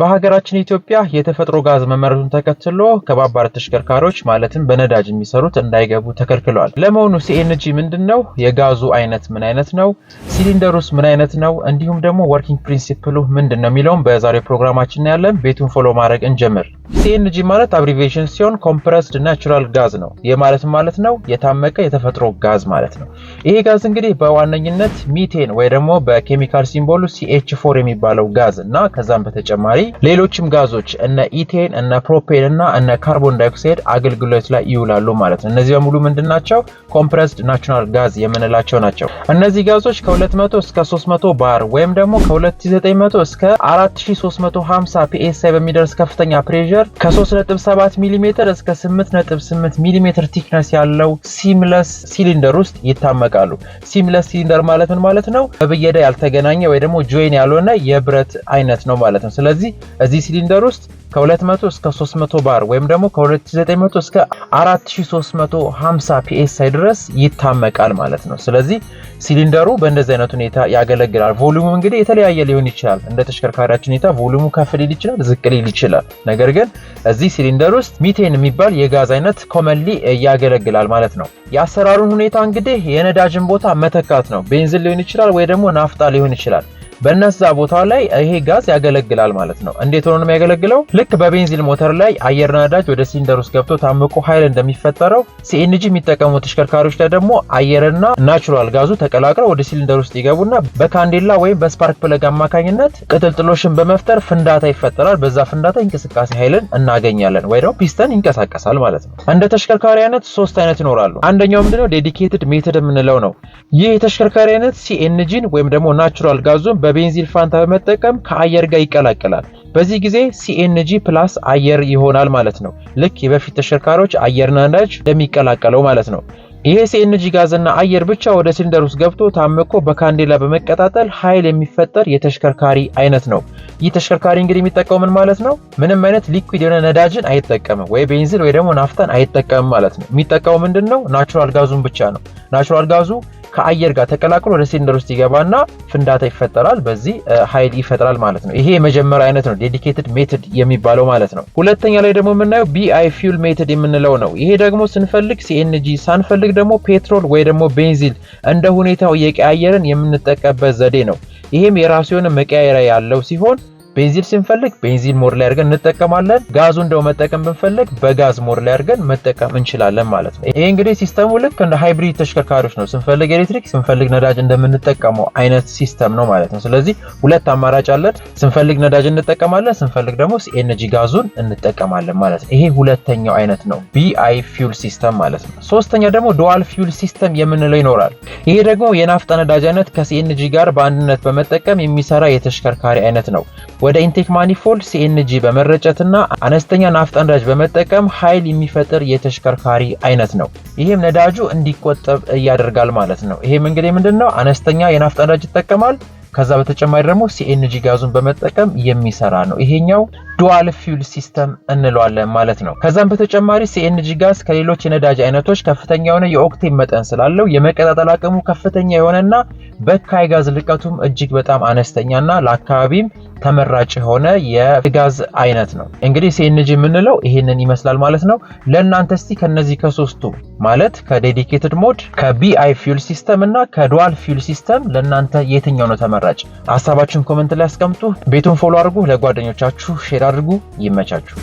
በሀገራችን ኢትዮጵያ የተፈጥሮ ጋዝ መመረቱን ተከትሎ ከባባድ ተሽከርካሪዎች ማለትም በነዳጅ የሚሰሩት እንዳይገቡ ተከልክሏል። ለመሆኑ ሲኤንጂ ምንድን ነው? የጋዙ አይነት ምን አይነት ነው? ሲሊንደሩስ ምን አይነት ነው? እንዲሁም ደግሞ ወርኪንግ ፕሪንሲፕሉ ምንድን ነው የሚለውም በዛሬው ፕሮግራማችን ያለን። ቤቱን ፎሎ ማድረግ እንጀምር። ሲኤንጂ ማለት አብሪቬሽን ሲሆን ኮምፕረስድ ናቹራል ጋዝ ነው። ይህ ማለት ማለት ነው የታመቀ የተፈጥሮ ጋዝ ማለት ነው። ይሄ ጋዝ እንግዲህ በዋነኝነት ሚቴን ወይ ደግሞ በኬሚካል ሲምቦሉ ሲኤች ፎር የሚባለው ጋዝ እና ከዛም በተጨማሪ ሌሎችም ጋዞች እነ ኢቴን፣ እነ ፕሮፔን እና እነ ካርቦን ዳይኦክሳይድ አገልግሎት ላይ ይውላሉ ማለት ነው። እነዚህ በሙሉ ምንድን ናቸው? ኮምፕረስድ ናቹራል ጋዝ የምንላቸው ናቸው። እነዚህ ጋዞች ከ200 እስከ 300 ባር ወይም ደግሞ ከ2900 እስከ 4350 ፒኤስአይ በሚደርስ ከፍተኛ ፕሬር ሜዥር ከ3.7 ሚሜ እስከ 8.8 ሚሜ ቲክነስ ያለው ሲምለስ ሲሊንደር ውስጥ ይታመቃሉ። ሲምለስ ሲሊንደር ማለት ምን ማለት ነው? በብየዳ ያልተገናኘ ወይ ደግሞ ጆይን ያልሆነ የብረት አይነት ነው ማለት ነው። ስለዚህ እዚህ ሲሊንደር ውስጥ ከ200 እስከ 300 ባር ወይም ደግሞ ከ2900 እስከ 4350 ፒኤስአይ ድረስ ይታመቃል ማለት ነው። ስለዚህ ሲሊንደሩ በእንደዚህ አይነት ሁኔታ ያገለግላል። ቮሉሙ እንግዲህ የተለያየ ሊሆን ይችላል። እንደ ተሽከርካሪያችን ሁኔታ ቮሉሙ ከፍ ሊል ይችላል፣ ዝቅ ሊል ይችላል። ነገር ግን እዚህ ሲሊንደር ውስጥ ሚቴን የሚባል የጋዝ አይነት ኮመንሊ ያገለግላል ማለት ነው። የአሰራሩን ሁኔታ እንግዲህ የነዳጅን ቦታ መተካት ነው። ቤንዝን ሊሆን ይችላል ወይ ደግሞ ናፍጣ ሊሆን ይችላል። በነዛ ቦታ ላይ ይሄ ጋዝ ያገለግላል ማለት ነው። እንዴት ሆኖ ነው የሚያገለግለው? ልክ በቤንዚን ሞተር ላይ አየር ነዳጅ ወደ ሲሊንደር ውስጥ ገብቶ ታምቆ ኃይል እንደሚፈጠረው ሲኤንጂ የሚጠቀሙ ተሽከርካሪዎች ላይ ደግሞ አየርና ናቹራል ጋዙ ተቀላቅለው ወደ ሲሊንደር ውስጥ ይገቡና በካንዴላ ወይም በስፓርክ ፕለግ አማካኝነት ቅጥልጥሎሽን በመፍጠር ፍንዳታ ይፈጠራል። በዛ ፍንዳታ እንቅስቃሴ ኃይልን እናገኛለን ወይ ደግሞ ፒስተን ይንቀሳቀሳል ማለት ነው። እንደ ተሽከርካሪ አይነት ሶስት አይነት ይኖራሉ። አንደኛው ምንድነው ዴዲኬትድ ሜተድ የምንለው ነው። ይህ የተሽከርካሪ አይነት ሲኤንጂን ወይም ደግሞ ናቹራል ጋዙን በ በቤንዚል ፋንታ በመጠቀም ከአየር ጋር ይቀላቀላል። በዚህ ጊዜ ሲኤንጂ ፕላስ አየር ይሆናል ማለት ነው። ልክ የበፊት ተሽከርካሪዎች አየርና ነዳጅ እንደሚቀላቀለው ማለት ነው። ይሄ ሲኤንጂ ጋዝና አየር ብቻ ወደ ሲሊንደር ውስጥ ገብቶ ታምቆ በካንዴላ በመቀጣጠል ኃይል የሚፈጠር የተሽከርካሪ አይነት ነው። ይህ ተሽከርካሪ እንግዲህ የሚጠቀመው ምን ማለት ነው? ምንም አይነት ሊኩዊድ የሆነ ነዳጅን አይጠቀምም፣ ወይ ቤንዚን ወይ ደግሞ ናፍታን አይጠቀምም ማለት ነው። የሚጠቀመው ምንድን ነው? ናቹራል ጋዙን ብቻ ነው። ናቹራል ጋዙ ከአየር ጋር ተቀላቅሎ ወደ ሲሊንደር ውስጥ ይገባና ፍንዳታ ይፈጠራል። በዚህ ኃይል ይፈጥራል ማለት ነው። ይሄ የመጀመሪያ አይነት ነው ዴዲኬትድ ሜትድ የሚባለው ማለት ነው። ሁለተኛ ላይ ደግሞ የምናየው ቢአይ ፊውል ሜትድ የምንለው ነው። ይሄ ደግሞ ስንፈልግ ሲኤንጂ ሳንፈልግ ደግሞ ፔትሮል ወይ ደግሞ ቤንዚን እንደ ሁኔታው እየቀያየርን የምንጠቀበት ዘዴ ነው። ይህም የራሱ የሆነ መቀያየሪያ ያለው ሲሆን ቤንዚል ስንፈልግ ቤንዚል ሞር ላይ አድርገን እንጠቀማለን። ጋዙ እንደው መጠቀም ብንፈልግ በጋዝ ሞር ላይ አድርገን መጠቀም እንችላለን ማለት ነው። ይሄ እንግዲህ ሲስተሙ ልክ እንደ ሃይብሪድ ተሽከርካሪዎች ነው። ስንፈልግ ኤሌክትሪክ፣ ስንፈልግ ነዳጅ እንደምንጠቀመው አይነት ሲስተም ነው ማለት ነው። ስለዚህ ሁለት አማራጭ አለን። ስንፈልግ ነዳጅ እንጠቀማለን፣ ስንፈልግ ደግሞ ሲኤንጂ ጋዙን እንጠቀማለን ማለት ነው። ይሄ ሁለተኛው አይነት ነው ቢአይ ፊውል ሲስተም ማለት ነው። ሶስተኛ ደግሞ ዱዋል ፊውል ሲስተም የምንለው ይኖራል። ይሄ ደግሞ የናፍጣ ነዳጅ አይነት ከሲኤንጂ ጋር በአንድነት በመጠቀም የሚሰራ የተሽከርካሪ አይነት ነው። ወደ ኢንቴክ ማኒፎልድ ሲኤንጂ በመረጨትና አነስተኛ ናፍጣ ነዳጅ በመጠቀም ኃይል የሚፈጥር የተሽከርካሪ አይነት ነው። ይህም ነዳጁ እንዲቆጠብ ያደርጋል ማለት ነው። ይህም እንግዲህ ምንድን ነው? አነስተኛ የናፍጣ ነዳጅ ይጠቀማል። ከዛ በተጨማሪ ደግሞ ሲኤንጂ ጋዙን በመጠቀም የሚሰራ ነው። ይሄኛው ዱዋል ፊውል ሲስተም እንለዋለን ማለት ነው። ከዛም በተጨማሪ ሲኤንጂ ጋዝ ከሌሎች የነዳጅ አይነቶች ከፍተኛ የሆነ የኦክቴን መጠን ስላለው የመቀጣጠል አቅሙ ከፍተኛ የሆነና በካይ ጋዝ ልቀቱም እጅግ በጣም አነስተኛና ለአካባቢም ተመራጭ የሆነ የጋዝ አይነት ነው። እንግዲህ ሲኤንጂ የምንለው ይሄንን ይመስላል ማለት ነው። ለእናንተ እስቲ ከነዚህ ከሶስቱ ማለት ከዴዲኬትድ ሞድ ከቢአይ ፊውል ሲስተም እና ከዱዋል ፊውል ሲስተም ለእናንተ የትኛው ነው ተመራጭ? ሀሳባችሁን ኮመንት ላይ አስቀምጡ። ቤቱን ፎሎ አድርጉ፣ ለጓደኞቻችሁ ሼር አድርጉ። ይመቻችሁ።